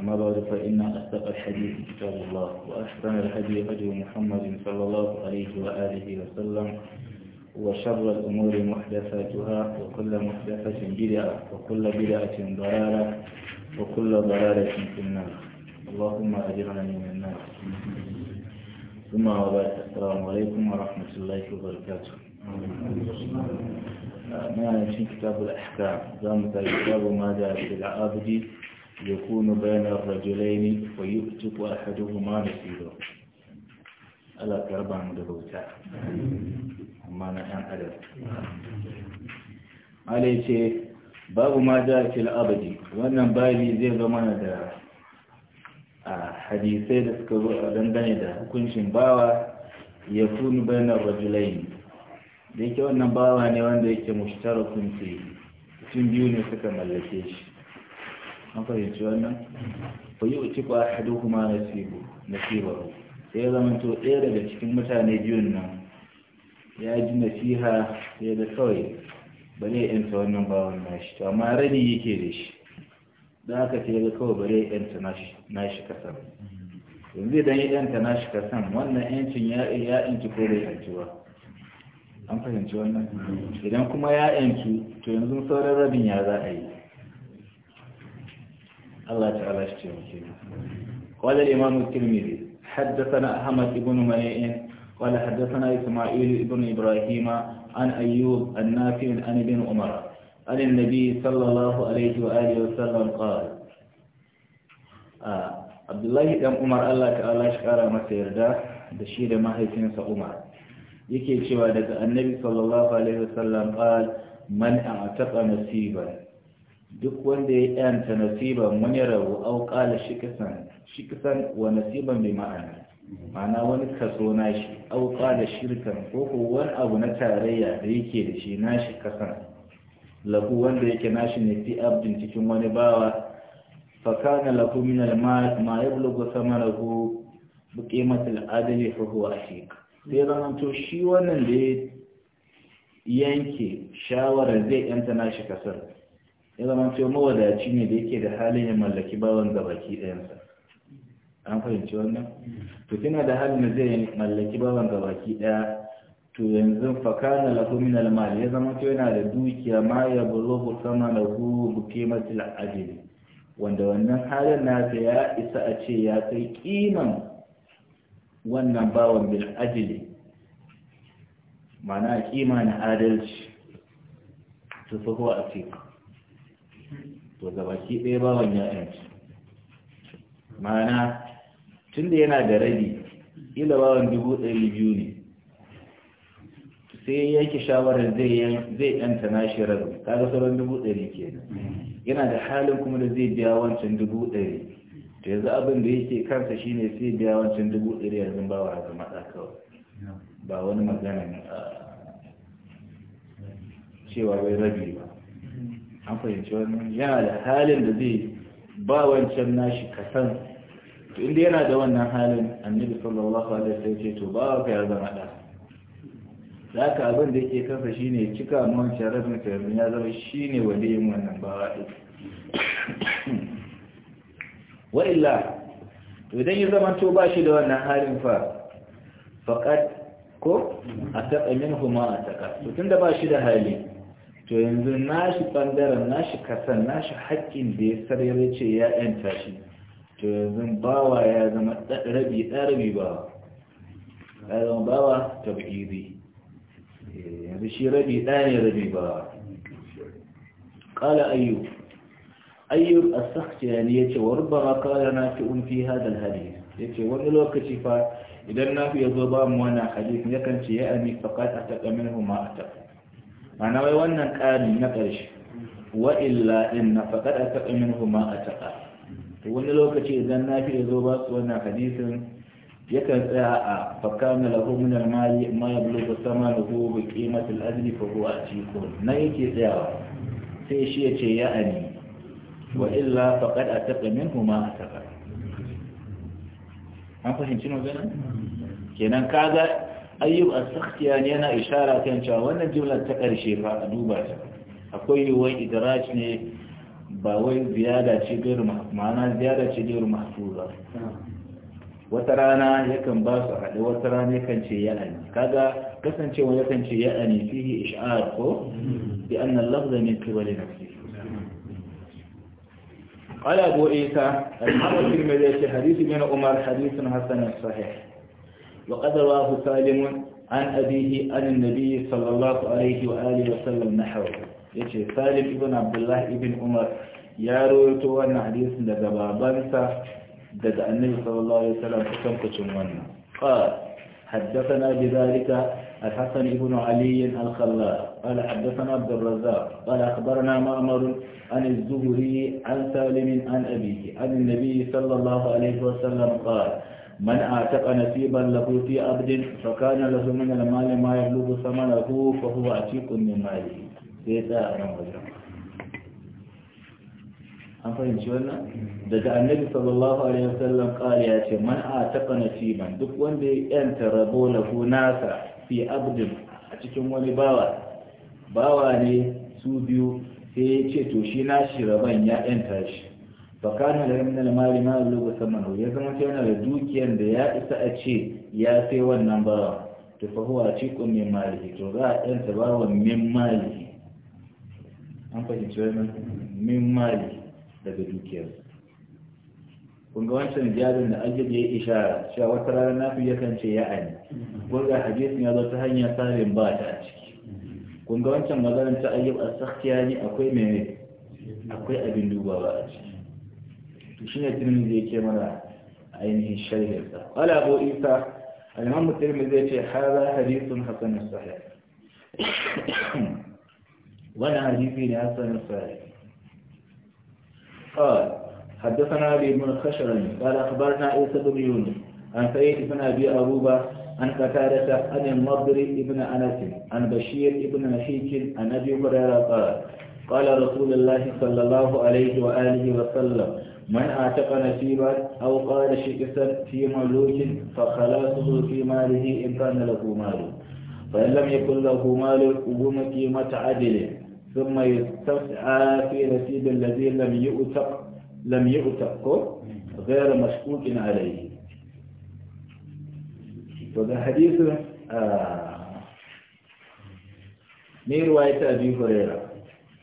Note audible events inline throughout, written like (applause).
أما بعد فإن أصدق الحديث كتاب الله وأحسن الحديث هدي محمد صلى الله عليه وآله وسلم وشر الأمور محدثاتها وكل محدثة بدعة وكل بدعة ضلالة وكل ضلالة في النار اللهم أجرنا من النار ثم وبعد السلام عليكم ورحمة الله وبركاته آه، ما نشين كتاب الأحكام زامت الكتاب ما جاء في العابد يكون بين الرجلين ويكتب أحدهما نصيبه ألا كربا مدبوتا أما نحن أدب عليك babu ma da fil abadi wannan babi zai zama da A hadisai da suka zo a dangane da hukuncin bawa ya kunu bayanar rajulaini da yake wannan bawa ne wanda yake mushtarakun ce mutum biyu ne suka mallake shi an fahimci wannan ku yi uci kwa hadu kuma nasibu nasibaru sai ya zama to ɗaya daga cikin mutane biyun nan ya ji nasiha sai da kawai ba ne yanta wannan bawan nashi to amma rani yake da shi da aka ce ga kawai ba ne yanta nashi kasan yanzu idan ya yanta nashi kasan wannan yancin ya yanci ko bai yanci ba an fahimci wannan idan kuma ya yanci to yanzu sauran rabin ya za a yi الله تعالى يشتري قال الإمام الترمذي حدثنا أحمد بن منيع قال حدثنا إسماعيل بن إبراهيم عن أيوب النافع عن ابن عمر عن النبي صلى الله عليه وآله وسلم قال آه. عبد الله بن عمر الله تعالى شكر masa yarda da shi da mahaifinsa Umar yake cewa daga Annabi sallallahu alaihi wasallam qal man a'taqa nasiban duk wanda ya yanta nasiban wani rabu au kala shi kasan wa nasiban mai ma'ana ma'ana wani kaso nashi au kala shirkan ko ko wani abu na tarayya da yake da shi nashi kasan lahu wanda yake nashi ne fi abdin cikin wani bawa fakana lahu min almal ma yablughu thamanahu bi qimati al-adli fa huwa ashiq sai to shi wannan da ya yanke shawarar zai yanta nashi kasar ya zama cewa mawadaci ne da yake da halin ya mallaki bawan gabaki ɗayansa an fahimci wannan to kina da halin da zai mallaki bawan gabaki ɗaya to yanzu fakana lahu min al-mal ya zama cewa yana da dukiya ma ya bulughu samanahu bi qimatil ajl wanda wannan halin ta ya isa a ce ya kai kiman wannan bawan bil ajli ma'ana kima na adalci to fa a asiq to baki ɗaya bawan ya yanci ma'ana tun da yana da rabi ila bawan dubu ɗari biyu ne sai ya yanke shawarar zai yanta nashi rabin kaga sauran dubu ɗari kenan yana da halin kuma da zai biya wancan dubu ɗari to yanzu abin da yake kansa shine sai biya wancan dubu ɗari yanzu ba wa haka matsa kawai ba wani magana cewa bai rabi ba an fahimci wani yana da halin da zai ba wancan nashi kasan to inda yana da wannan halin annabi sallallahu alaihi wasallam ce to ba ka ya zama da za ka abin da yake kansa shine cika wancan rabin sa yanzu ya zama shine yin wannan bawa din wa illa to idan ya zama to ba shi da wannan halin fa faqad ko a taɓa min huma a taƙa to tun da ba shi da hali to yanzu nashi bangaren nashi kasan nashi haƙƙin da ya sarere ce ya yanta shi to yanzu bawa ya zama rabi rabi bawa ya zama bawa tabiri yanzu shi rabi ɗaya ne rabi bawa ƙala ayyub ayyub as-sakhtiyani yace wa rubbama qala nafi'un fi hadha al-hadith yace wani lokaci fa idan nafi yazo ba mu wannan hadith yakan ce ya ami faqat ataqaminhu ma ataqaminhu ma'ana wai wannan ƙari na ƙarshe wa illa in na faɗaɗa a taɓa min huma a taƙa to wani lokaci idan na fi zo ba su wannan hadisin yakan tsaya a faƙa lahu min al-mali ma yablughu bulu sama na hu bi qimatil ajli fa huwa atiqun na yake tsayawa sai shi ya ce ya ani wa illa faƙar a taɓa min huma a taƙa an fahimci magana kenan kaga ayyub as-sakhtiyani yana ishara kan cewa wannan jimlar ta ƙarshe fa a duba ta akwai yiwuwar idraj ne ba wai ziyada ce gairu ma'ana ziyada ce gairu mahfuza wata rana yakan ba su haɗe wata rana yakan ce ya'ani kaga kasancewa yakan ce ya'ani fihi ish'ar ko bi anna lafza min qibali nafsi قال أبو إيسى الحمد لله حديث ابن عمر حديث حسن صحيح وقد رواه سالم عن أبيه عن النبي صلى الله عليه وآله وسلم نحوه يجي سالم ابن عبد الله ابن عمر يا رويتو وانا حديث بابا بابانسا دا النبي صلى الله عليه وسلم حكم كتم وانا قال حدثنا بذلك الحسن بن علي الخلاء قال حدثنا عبد الرزاق قال أخبرنا مأمر عن الزهري عن سالم عن أبيه عن النبي صلى الله عليه وسلم قال من أعتق نصيبا له في عبد فكان له من المال ما يبلغ ثمنه فهو عتيق من ماله sai tsaya a nan wajen an fahimci wannan daga annabi sallallahu alaihi wasallam kare ya ce man a taɓa nasiban duk wanda ya yanta rabo lahu nasa fi abdin a cikin wani bawa bawa ne su biyu sai ya ce to shi nashi rabon ya yanta shi fakana da min al-mali ma sama samanu ya zama cewa yana da dukiyar da ya isa a ce ya sai wannan bawa to fa huwa tiqun min mali to za a yanta bawa min mali an fahimci wannan min mali daga dukiyar kun ga wancan jabin da aljib ya yi ishara cewa wata rana na fi yakan ce ya ani kun ga hadisin ya zo ta hanyar sarin ba ta a ciki kun ga wancan maganar ta ayyub a sakkiya ne akwai mai akwai abin dubawa a ciki شنو الترمذي كي مرة عينه الشريف قال أبو إيسا الإمام الترمذي كي هذا حديث حسن صحيح وانا حديثي لحسن صحيح قال حدثنا أبي بن الخشرمي قال أخبرنا إيسا بن يونس عن سيد بن أبي أبوبة عن قتادة عن المضر بن أنس عن بشير بن نحيك عن أبي هريرة قال قال رسول الله صلى الله عليه وآله وسلم من اعتق نسيبا أو قال شكسا في مملوك فخلاصه في ماله إن كان له مال فإن لم يكن له مال قوم قيمة عدل ثم يستسعى في نسيب الذي لم يؤتق لم يؤتق غير مشكوك عليه وذا حديث آه من رواية أبي هريرة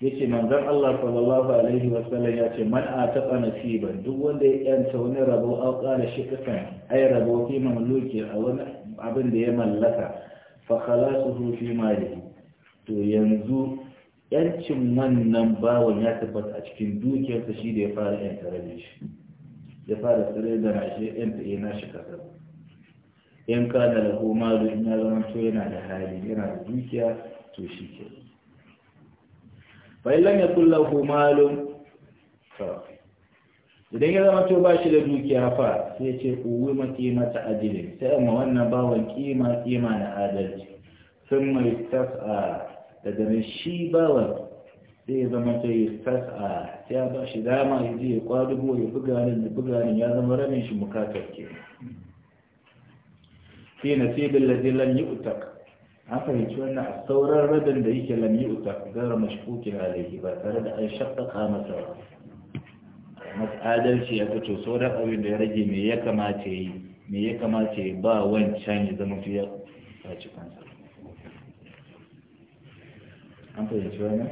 yace manzon Allah sallallahu alaihi wasallam ya ce man ataqa nasiba duk wanda ya yanta wani rabo a qala shiqatan ay rabo fi mamluki a wani abin da ya mallaka fa khalasuhu fi malihi to yanzu yancin wannan bawon ya tabbata a cikin dukiyarsa shi da ya fara yanta rabe shi ya fara tsire da rashe yanta yana shi kasar in kana lahu malu in ya zama to yana da hali yana da dukiya to shi kenan fa illam yakul lahu malun idan ya zama to ba shi da dukiya fa sai ce uwi maki mata ajilin sai amma wannan bawan kima kima na adalci sun mai tas'a daga nan shi bawan sai ya zama ta yi tas'a sai ya ba shi dama ya je ya kwadugo ya buga nan ya buga nan ya zama rabin shi mukatar ke fi nasibin lazilan yi utak an fahimci wannan a sauran radan da yake lam yi uta gara mashkukin alaihi ba tare da an shakkaka masa ba mas adalci ya fito sauran abin da ya rage me ya kamata yi me ya kamata yi ba wancan ya zama fiye a cikin sa an fahimci wannan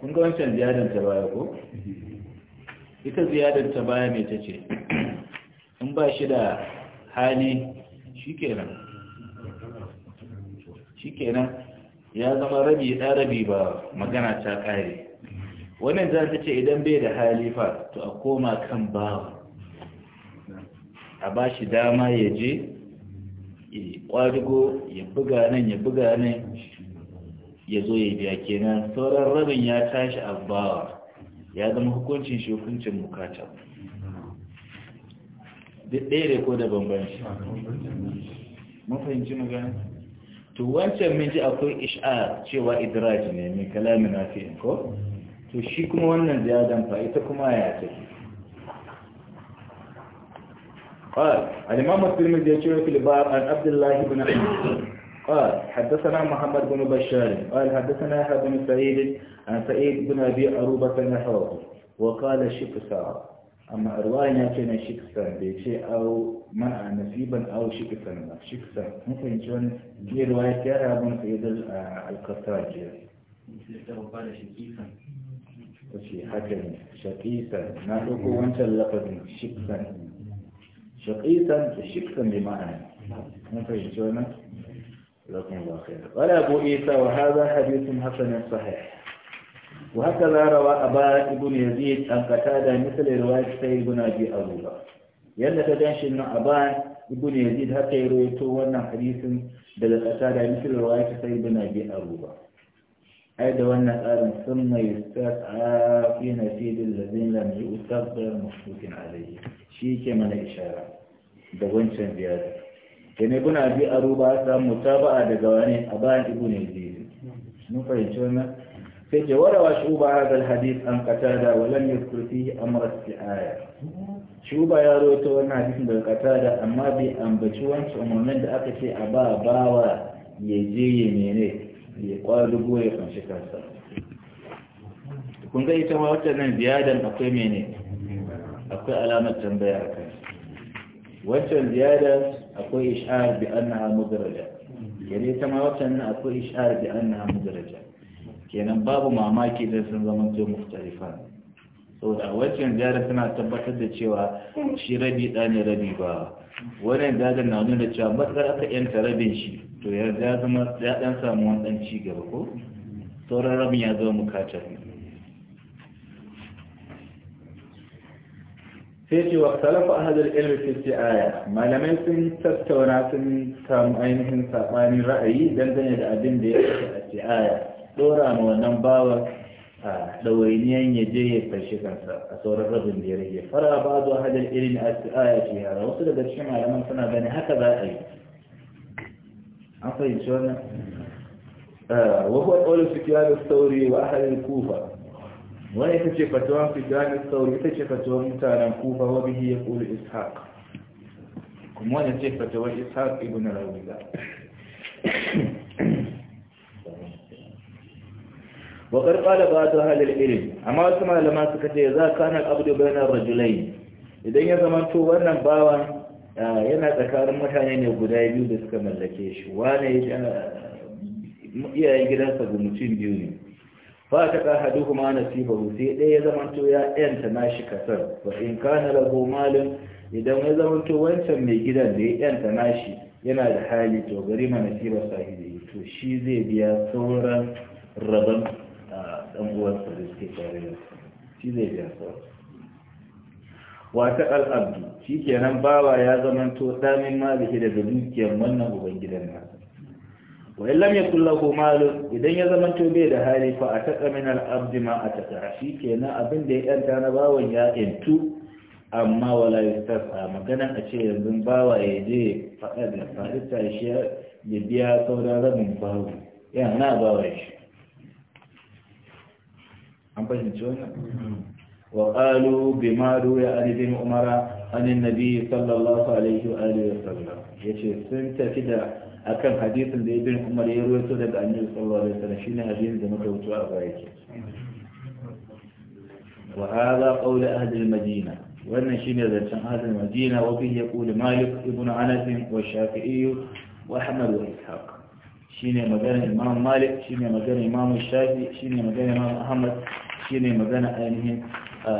kun ga wancan ziyadar ta baya ko ita ziyadar ta baya mai ta ce in ba shi da hali shikenan shikenan ya zama rabi da rabi ba magana ta kare wannan za ta ce idan bai da halifa to a koma kan bawa a ba shi dama ya je ya kwadugo ya buga nan ya buga nan ya zo ya biya kenan sauran rabin ya tashi a bawa ya zama hukuncin shi hukuncin bukatar duk ɗaya ko da bambanci mun fahimci mu gani to wancan mun ji akwai ish'ar cewa idraji ne mai kalamin na fi ko to shi kuma wannan ziyadan fa ita kuma ya take قال الإمام الترمذي يشير في الباب عن عبد الله بن عمر قال حدثنا محمد بن بشار قال حدثنا يحيى بن سعيد عن سعيد بن أبي عروبة نحوه وقال شفسار أما أرواينا كان شكسا بيشي أو منع نسيبا أو شكسا شكسا ممكن يكون دي رواية كارا من في يد آه، القصاجة وشي حاجه شقيسا نعرفه وانت اللقب شكسا شقيسا شكسا بمعنى ممكن يكون لكم الله خير قال أبو إيسى وهذا حديث حسن صحيح وهكذا روى أبا ابن يزيد عن قتادة مثل رواية سيد بن أبي أروبة يلا تدانش أن أبا ابن يزيد هكا يرويته وانا حديث دل قتادة مثل رواية سيد بن أبي أروبة أيضا وانا قال ثم يستسعى في نسيد الذين لم يؤثر مشكوك عليه شيء كما إشارة دون زيادة كان ابن أبي أروبة أصلا متابعة دقواني أبا ابن يزيد نفهم شو فيك وروى شعوب هذا الحديث عن قتادة ولم يذكر فيه أمر السعاية شعوب يا رويت وانا حديث من قتادة أما بي أنبتش وانش أمرمين دا أكتي أبا باوا يجي يميني يقال بوي خمشي كنسا kun ga ita ma wata nan ziyadan akwai mene akwai alamar tambaya a kai wancan ziyadar akwai ishar bi annaha mudraja yana ita ma wata nan akwai ishar bi annaha mudraja kenan babu mamaki da sun zama to mukhtalifa saboda wancan jara suna tabbatar da cewa shi rabi da ne rabi ba wannan jarin na nuna cewa matsar aka yanta rabin shi to ya zama ya dan samu wani dan ci gaba ko sauran rabin ya zama mukatar sai ce wa salafa ahadar ilmi fi aya malamai sun tattauna sun samu ainihin sabanin ra'ayi dangane da abin da ya fi a aya ɗora ma wannan bawa a ɗawainiyan ya je ya fashe kansa a sauran rabin da ya rage fara ba zuwa hadar irin a ya ce yara wasu daga cikin malaman suna gani haka za a yi an fahimci wannan wakwai wahuwa ƙaunar da sauri wa ahalin kufa wani ita ce fatuwan da sauri ita ce fatuwan mutanen kufa wa bihi ya ƙulu ishaq kuma wani ce fatuwan ishaq ibn rawiza wa qarqala ba'd ahli al-ilm amma wasu malama suka ce za kana na abdu bainar ar-rajulayn idan ya zama to wannan bawan yana tsakanin mutane ne guda biyu da suka mallake shi wane iyayen gidansa ga mutum biyu ne fa ta ka hadu kuma nasibahu sai ɗaya ya zama to ya yanta nashi kasar wa in kana lahu malin idan ya zama to wancan mai gidan da ya yanta nashi yana da hali to gari ma nasibar sahibi to shi zai biya sauran rabon dan sa da suke tare da shi zai biya sauransu wata al'abdu shi kenan bawa ya to damin maliki da dukiyar wannan ubangidan nan. wa in lam yakul lahu idan ya zamanto bai da hali fa a ta min al'abdi ma a ta shi kenan abin da ya yanta na bawan ya yantu amma wala yastafa magana a ce yanzu bawa ya je faɗa da faɗita shi ya biya sauran rabin bawo yana na bawa shi وقالوا بما روي عن ابن عمر عن النبي صلى الله عليه واله وسلم يجي سنت كده اكن حديث اللي ابن عمر يروي سنه النبي صلى الله عليه وسلم شنو حديث ده متوتو ابايك وهذا قول اهل المدينه وان شنو ده كان اهل المدينه وبه يقول مالك ابن انس والشافعي واحمد واسحاق shine magana imam malik shine magana imam shafi shine magana imam ahmad shine magana ainihin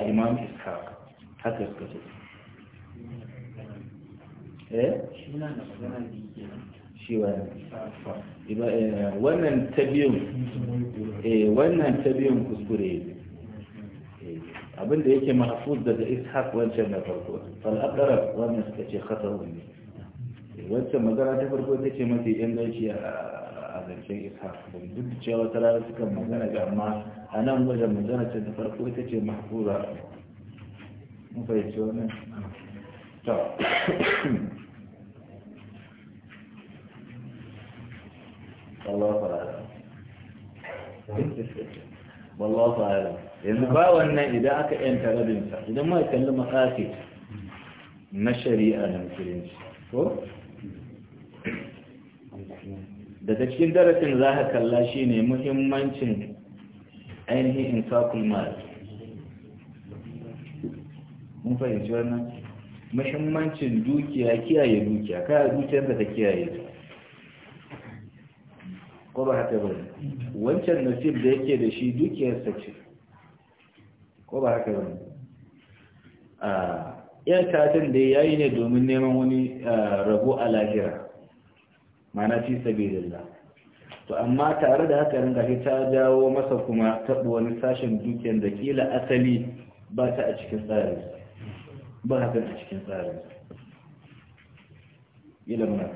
imam ishaq haka suka ce eh shi wannan tabiyon eh wannan tabiyon kuskure abinda yake mahfuz daga ishaq wancan na farko fal aqrab wannan suka ce khatarun ne wancan magana ta farko ta ce mafi inganci a zancen isa don duk da cewa ta rana sukan magana ga amma a nan wajen magana ta farko ta ce mahfura mun fahimci wannan to fara yanzu ba wannan idan aka yanta rabinsa idan ma kalli makafi na shari'a na musulunci ko daga cikin darasin za ka kalla shi ne muhimmancin ainihin insakul mal mun fahimci wannan muhimmancin dukiya kiyaye dukiya kaya da ta kiyaye ko ba haka bane wancan nasib da yake da shi dukiyarsa ce ko ba haka bane a ah, yan katin da yi ne domin neman wani ah, rabo a lahira mana fi sabilillah to amma tare da haka ringa ta jawo masa kuma taɓa wani sashen dukiyar da kila asali ba ta a cikin tsarin ba haka a cikin tsarin ila muna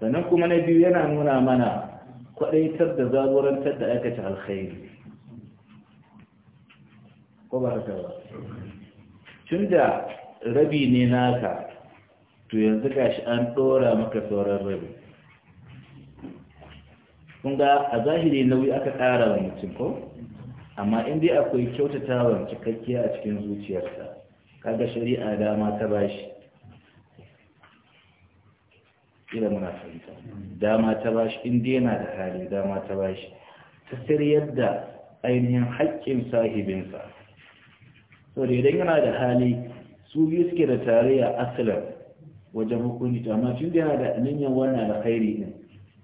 sannan kuma na biyu yana nuna mana kwaɗaitar da zagorantar da aikata alkhairi ko ba haka ba tun da rabi ne naka to yanzu gashi an ɗora maka sauran rabi kun ga a zahiri nauyi aka ƙara wa mutum ko amma in dai akwai kyautatawan cikakkiya a cikin zuciyarsa kaga shari'a dama ta bashi ila muna fahimta dama ta bashi in dai yana da hali dama ta bashi ta sirriyar da ainihin haƙƙin sahibinsa saboda idan yana da hali su biyu suke da tarayya asalin wajen hukunci ta amma tun da yana da niyyar wannan alkhairi din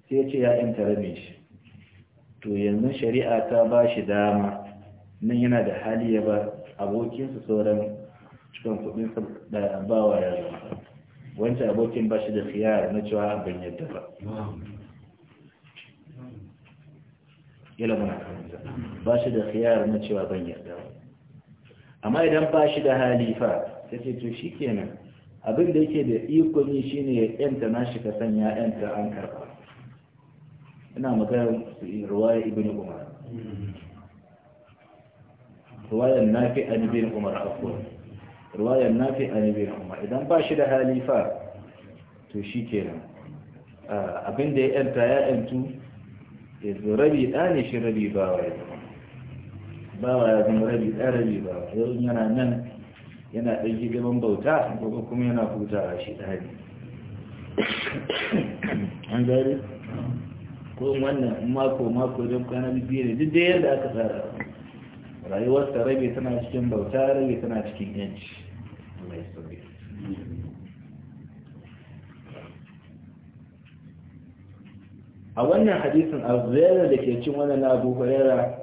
sai ya ce ya yanta rabe shi to yanzu shari'a ta ba shi dama nan yana da hali ya ba su sauran cikin kudin da ba wa yaro wancan abokin ba shi da khiyar na cewa ban yadda ba yala mana ba shi da khiyar na cewa ban yadda ba amma idan ba shi da hali fa sai ce to shikenan abin da yake da ikon yi shine ya yanta nashi ka sanya yanta an karba ina magana ruwaya ibn umar ruwayan nafi an ibn umar afwan ruwayan nafi an ibn umar idan ba shi da halifa to shi kenan abin da ya yanta ya yantu ya zo rabi ne shi rabi bawa ya bawa ya zama rabi ɗa, rabi bawa yau yana nan yana ɗan hidiman bauta gobe kuma yana hutawa shi ɗari an gari ko wannan mako mako don kwanan biyu ne duk da yadda aka tsara rayuwarsa rabe tana cikin bauta rabe tana cikin yanci mai sauri a wannan hadisin abu da ke cin wannan Abubuwa yara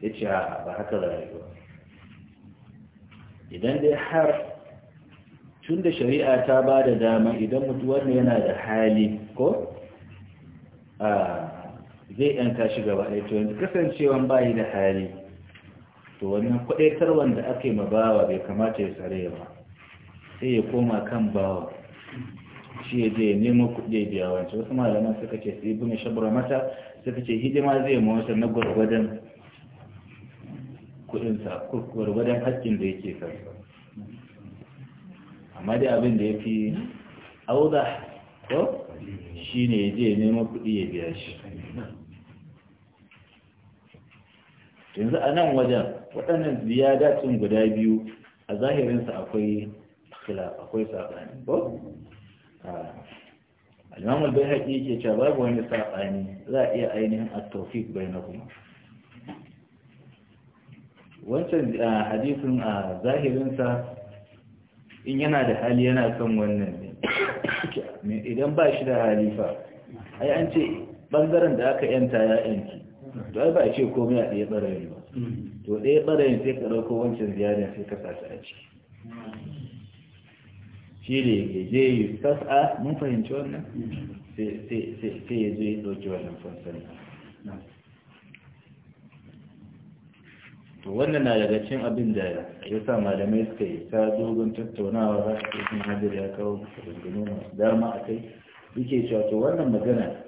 ya ce ba haka rayuwa idan dai har tun da shari'a ta ba da dama idan mutuwar ne yana da hali ko zai yanka shi gaba ɗaya to yanzu kasancewan bayi da hali to wannan kudaitar wanda aka yi ma bawa bai kamata ya tsare ba sai ya koma kan bawa shi ya je nemo kuɗi biya wancan wasu malaman suka ce su ibn mata suka ce hidima zai ma na gwargwadon kudinsa gwargwadon haƙƙin da yake kai amma dai abin da ya fi auda ko shi ne ya je neman kuɗi ya biya shi yanzu a nan wajen waɗannan ziyadatin guda biyu a zahirinsa akwai akwai saɓani ko? alimamul bai haƙi yake cewa babu wani saɓani za a iya ainihin a taufik bai na kuma wancan hadisin a zahirinsa in yana da hali yana kan wannan ne idan ba shi da halifa ai an ce ɓangaren da aka yanta ya yanki to ai ba ce komai a ɗaya ɓarayin ba to ɗaya ɓarayin sai ka ɗauko wancan ziyarar sai ka sace a ciki shi ne ya je yi sasa mun fahimci wannan sai ya je ya ɗauki wannan fansar to wannan na daga cikin abin da ya sa malamai suka yi ta dogon tattaunawa za su cikin hajjar ya kawo maganganu masu dama a kai yake cewa to wannan magana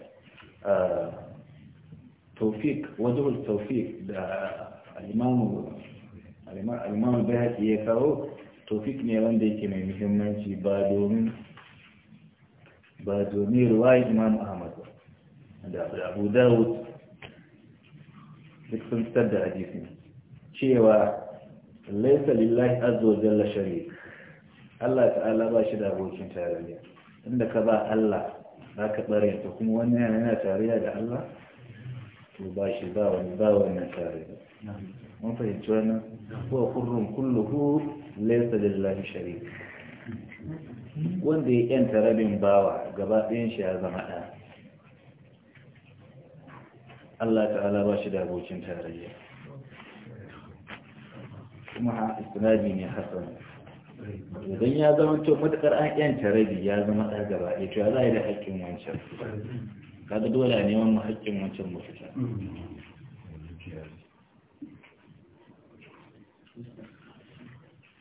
taufik wajahul taufik da alimamu bai haƙi ya kawo taufik ne wanda yake mai muhimmanci ba domin ba domin ruwayin imam ahmad da abu dawud duk sun fitar da hadisi cewa laisa lillahi azza wa jalla sharik Allah ta'ala ba shi da abokin tarayya inda ka ba Allah za ka tsare ta kuma wani yana tarayya da Allah to ba shi ba wani ba wannan tarayya mun fahimci wannan Kuwa kurrun kulluhu laisa lillahi sharik wanda ya yanta rabin bawa gaba ɗayan shi ya zama ɗaya. Allah ta'ala ba shi da abokin tarayya kuma istinadi ne hasan idan ya zama to matakar an yanta rabi ya zama ɗaya gaba ɗaya to ya za a yi da haƙƙin wancan kada dole a neman mu haƙƙin wancan mafita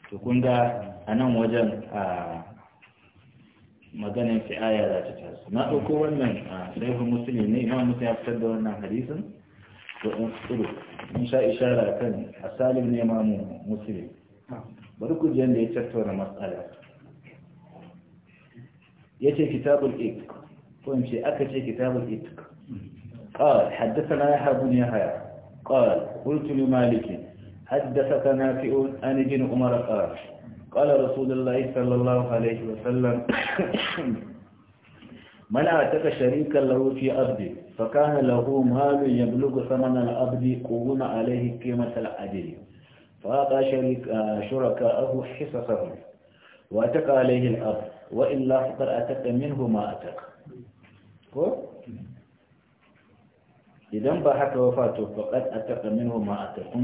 to kun ga a nan wajen a maganin fi'aya za ta taso na ɗauko wannan a sahihul musulmi ne imam muslim ya fitar da wannan hadisin da ɗan tsiro mun sha ishara kan a salim ne mamu musulmi bari ku ji yadda ya tattauna matsala ya ce kitabul ik ko in ce aka ce kitabul ik قال حدثنا يحيى بن يحيى قال قلت لمالك حدثك نافع عن ابن عمر قال قال رسول الله صلى الله عليه وسلم من أعتق شريكا له في أرضه فكان له مال يبلغ ثمن الأرض قوم عليه قيمة العدل فأعطى شريك آه، شركاءه حصصهم وأتق عليه الأرض وإلا فقد أتق منه ما أتق إذن بحق وفاته فقد أتق منه ما أتق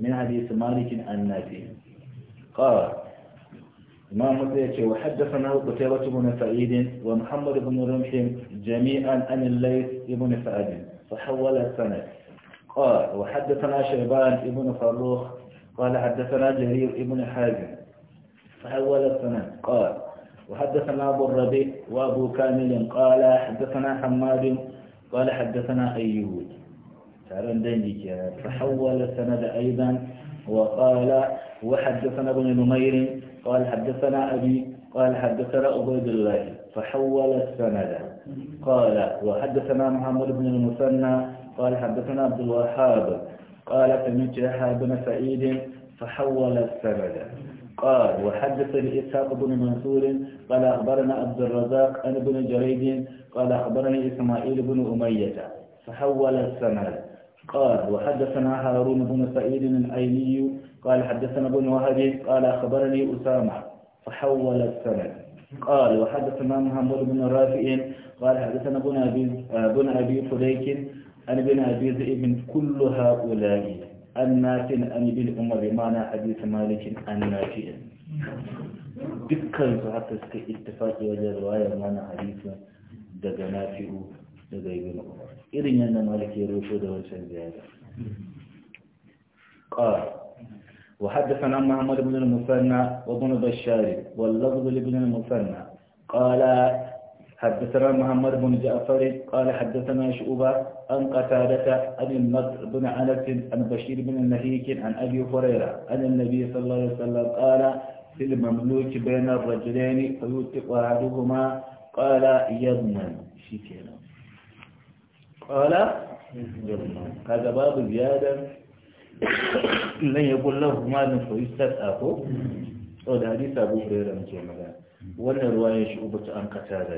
من حديث مالك النافي قال إمام مسلم وحدثنا قتيبة بن سعيد ومحمد بن رمح جميعا عن الليث بن سعد فحول السند قال وحدثنا شيبان بن فروخ قال حدثنا جرير بن حازم فحول السند قال وحدثنا أبو الربيع وأبو كامل قال حدثنا حماد قال حدثنا أيوب فحول السند أيضا وقال وحدثنا ابن نمير قال حدثنا أبي قال حدثنا عبيد الله فحول السند قال وحدثنا محمد بن المثنى قال حدثنا عبد الوهاب قال سمعت يحيى بن سعيد فحول السند قال وحدثني إسحاق بن منصور قال أخبرنا عبد الرزاق أن بن جريد قال أخبرني إسماعيل بن أمية فحول السند قال وحدثنا هارون بن سعيد الأيلي قال حدثنا ابن وهب قال أخبرني أسامة فحول السند قال وحدثنا محمد بن رافع قال حدثنا ابن أبي ابن أبي فليك عن ابن أبي ذئب كل هؤلاء الناس عن ابن عمر بمعنى حديث مالك النافع dukkan su haka suka ittifaki wajen ruwayar mana hadisin daga nafi'u daga ibn umar irin yadda malik ya roto da wancan ziyara qala وحدثنا محمد بن المثنى وابن بشار واللفظ لابن المثنى قال حدثنا محمد بن جعفر قال حدثنا شعبة عن قتادة عن النضر بن عنس عن بشير بن نهيك عن أبي هريرة عن النبي صلى الله عليه وسلم قال في المملوك بين الرجلين فيوثق أحدهما قال يضمن شكرا قال يضمن هذا باب زيادة لن يقول له ما fa yustata أخو أو ده حديث أبو Hurairah muke magana wannan ruwayar shi ubata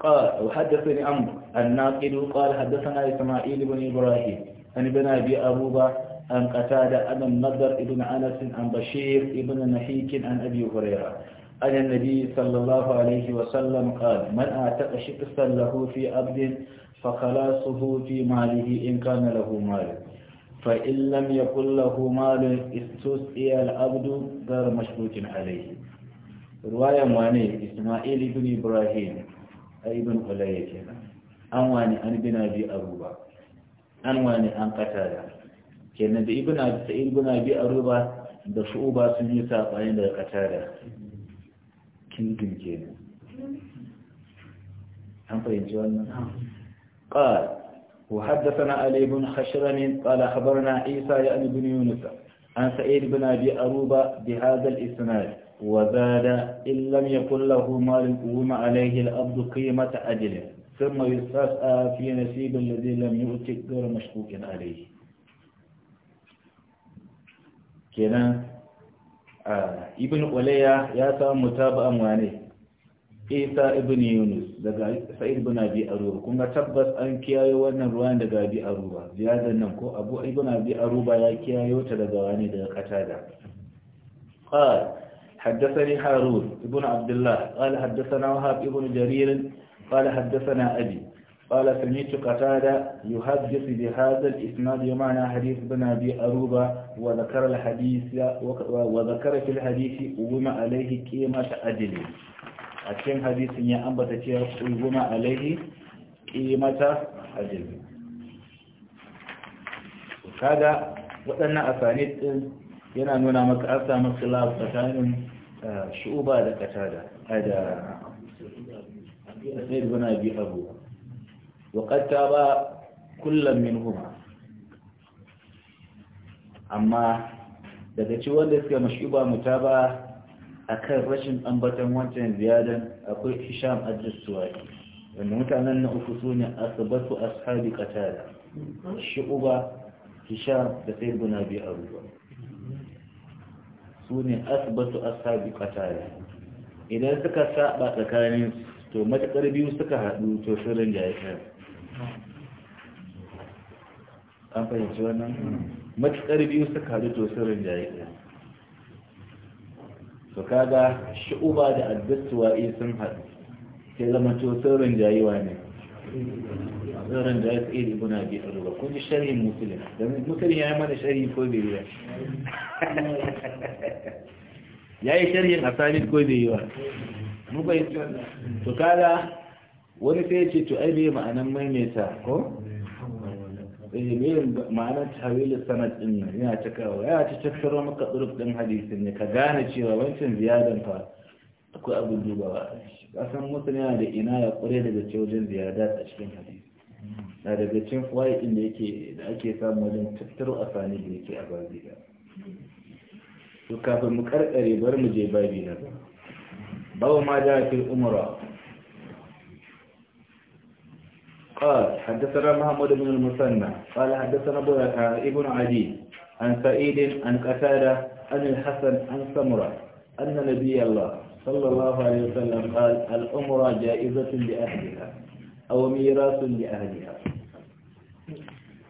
قال وحدثني عمرو الناقد قال حدثنا إسماعيل بن إبراهيم عن ابن أبي أبوبة عن قتادة أن النضر ابن أنس عن بشير ابن نحيك عن أبي هريرة أن النبي صلى الله عليه وسلم قال من أعتق شقصا له في أبد فخلاصه في ماله إن كان له مال فإن لم يكن له مال استسقي العبد غير مشروط عليه رواية مواني إسماعيل بن إبراهيم أي بن علي كنا أنواني أن بن أبي أروبا أنواني أن قتالا كنا ابن أبي سعيد بن أبي أروبا da su ba sun yi saɓani daga katara kingin kenan an fahimci wannan قال وحدثنا علي بن خشرم قال خبرنا عيسى يعني بن يونس عن سعيد بن أبي أروبة بهذا الإسناد وزاد إن لم يكن له مال قوم عليه الأبد قيمة أجله ثم يستسعى في نسيب الذي لم يؤتي غير مشكوك عليه كنا آه، ابن ulayya ya samu متابع مواليه isa ibn yunus daga sa'id ibn abi aruba kun ga tabbas an kiyaye wannan ruwan daga abi aruba ziyadan nan ko abu ibn abi aruba ya kiyayo ta daga wani daga katada qal haddathani harun ibn abdullah qala haddathana wahab ibn jarir qala haddathana abi qala sami'tu qatada yuhaddith bi hadha al-isnad yumana hadith ibn abi aruba wa dhakara al-hadith wa dhakara fi al-hadith wa ma alayhi qimatu adli a cikin hadisin ya ambata cewa ulguma alaihi qimata ajr kaga waɗannan asanid din yana nuna maka an samu khilaf tsakanin eh, shu'ba da katada, eh, da Sayyid bin Abi Abu wa qad taba kullam minhuma amma daga ci wanda suka mashuba mutaba akan rashin ambaton wancan ziyadan akwai hisham al-jassuwari wanda mutanen na uku su ne asibatu ashabi Shi uba, hisham da sai guna bi aruba su ne asibatu ashabi qatada idan suka saba tsakanin to matakar biyu suka haɗu to shirin da ya an fahimci wannan hmm. matakar biyu suka haɗu to shirin da ya to kaga shu'uba da addattuwa'i sun haɗu sai zama to sauran jayiwa ne sirrin da ya iri da guna bi ruba kun ji sharhin musulun da musulun ya yi mana sharhi ko bai yiwa (laughs) ya yi sharhin asalin ko bai yiwa muka yi to kaga wani sai ya ce to ai bai ma'anan maimaita ko ilimin eh, ma'anar tawilin sanad din nan yana cikawa ya ci cikin maka tsuruf din hadisin ne ka gane cewa wancan ziyadan fa akwai abin a kasan mutum yana da ina ya kure daga ce ziyada a cikin hadisi na daga cikin fuwaye din da yake da ake samu wajen tattaro a sani da yake a babi da to kafin mu karkare bar mu je babi na ba ma da fil umra قال حدثنا محمد بن المثنى قال حدثنا ابن عدي عن سعيد عن قتادة عن الحسن عن سمرة أن نبي الله صلى الله عليه وسلم قال الأمر جائزة لأهلها أو ميراث لأهلها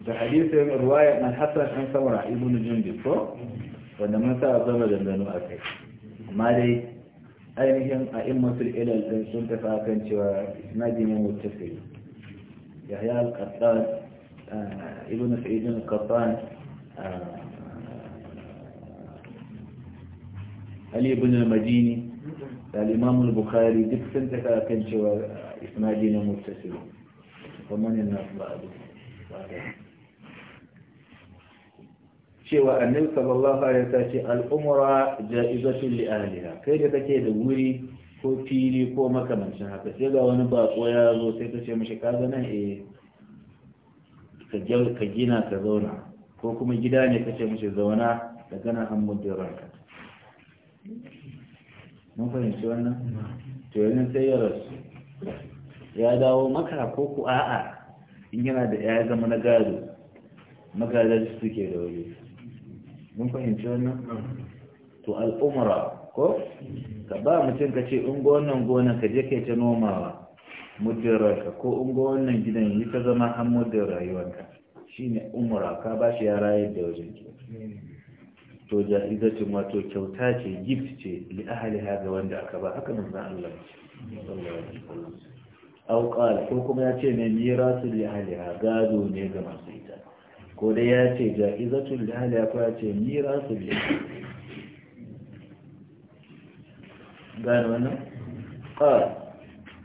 ده حديث رواية عن حسن عن سمرة ابن الجندي فوق mun sa zama dangano a kai أينهم أئمة ainihin a immatul ilal din sun tafi يحيى القطان آه، ابن سعيد القطان آه، علي بن المديني الإمام البخاري دك سنتك كان شوى إسماعيل متصل ومن الناس بعد cewa annabi sallallahu alaihi wasallam ce al'umra ja'izatun li ahliha kai da da wuri ko fili ko makamancin haka sai ga wani bako ya zo sai ka ce mashi kaga nan eh ka gina ka zauna ko kuma gida ne ka ce mashi zauna da gana an muddin ranka mun fahimci wannan to yanzu sai ya rasu ya dawo maka ko ku a'a in yana da ya zama na gado magadar suke da wuri mun fahimci wannan to al'umra ko ka ba mutum ka ce in wannan gonan ka je ka ta nomawa muddin rayuwarka ko in wannan gidan yi ta zama an muddin rayuwarka ne umura ka ba shi ya yadda wajen ke. to ja'izatin wato kyauta ce gift ce li ha ga wanda aka ba haka zan Allah sallallahu alaihi wasallam au qala ko kuma ya ce ne mirasu li ahliha gado ne ga masu ita ko dai ya ce ja'izatul li ahliha ko ya ce mirasu li ahali قال وانا قال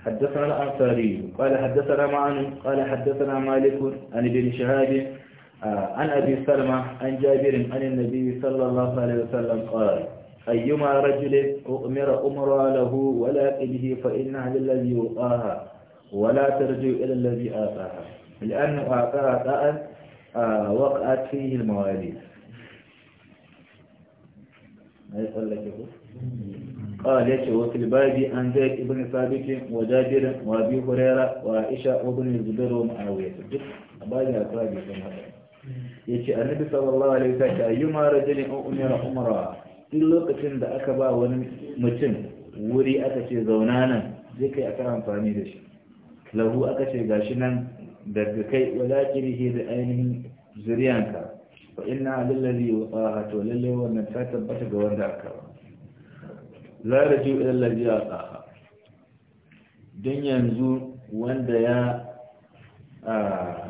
حدثنا الأنصاري قال حدثنا معن قال حدثنا مالك عن ابن شهاب آه، عن أبي سلمة عن جابر عن النبي صلى الله عليه وسلم قال أيما رجل أمر أمر له ولا تجه فإنها للذي وقاها ولا ترجع إلى الذي آتاها لأنه أعطاها داء آه، وقعت فيه المواليد ما يقول لك قال يتي وفي الباب عن زيد بن ثابت وجابر وابي هريره وعائشه وابن الزبير ومعاويه بعد الثابت yace annabi sallallahu alaihi wasallam ayyuma rajulin umira umra duk lokacin da aka ba wani mutum wuri aka ce zauna nan zai kai aka amfani da shi lahu aka ce shi nan daga kai wala kirihi da ainihin zuriyanka fa inna lillazi ta tabbata ga wanda aka ba la raju ila allazi ataha dan yanzu wanda ya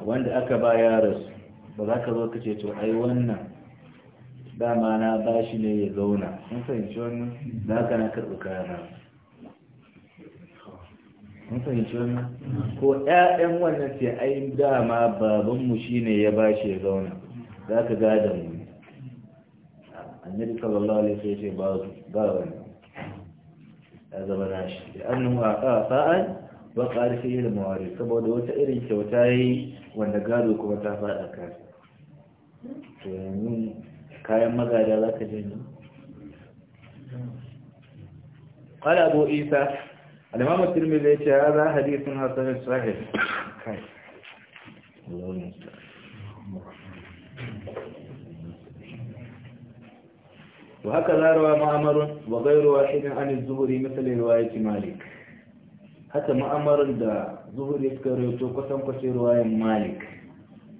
wanda aka ba ya rasu ba za ka zo ka ce to ai wannan dama na ba shi ne ya zauna sun fahimci wannan za ka na karɓi kayana sun fahimci wannan ko ƴaƴan wannan ce ai dama babanmu shi ne ya ba shi ya zauna za ka gada mu annabi sallallahu alaihi wasallam ya ce ba wani ya zama nashi da annahu aqa fa'an wa qala fihi da mawarith saboda wata irin kyauta yayi wanda gado kuma ta fada kan to yanzu kayan magada zaka je ne قال أبو إيسى الإمام الترمذي هذا حديث حسن صحيح الله وهكذا روى معمر وغير واحد عن الزهري مثل رواية مالك حتى معمر دا زهري يذكرته قسم قسم رواية مالك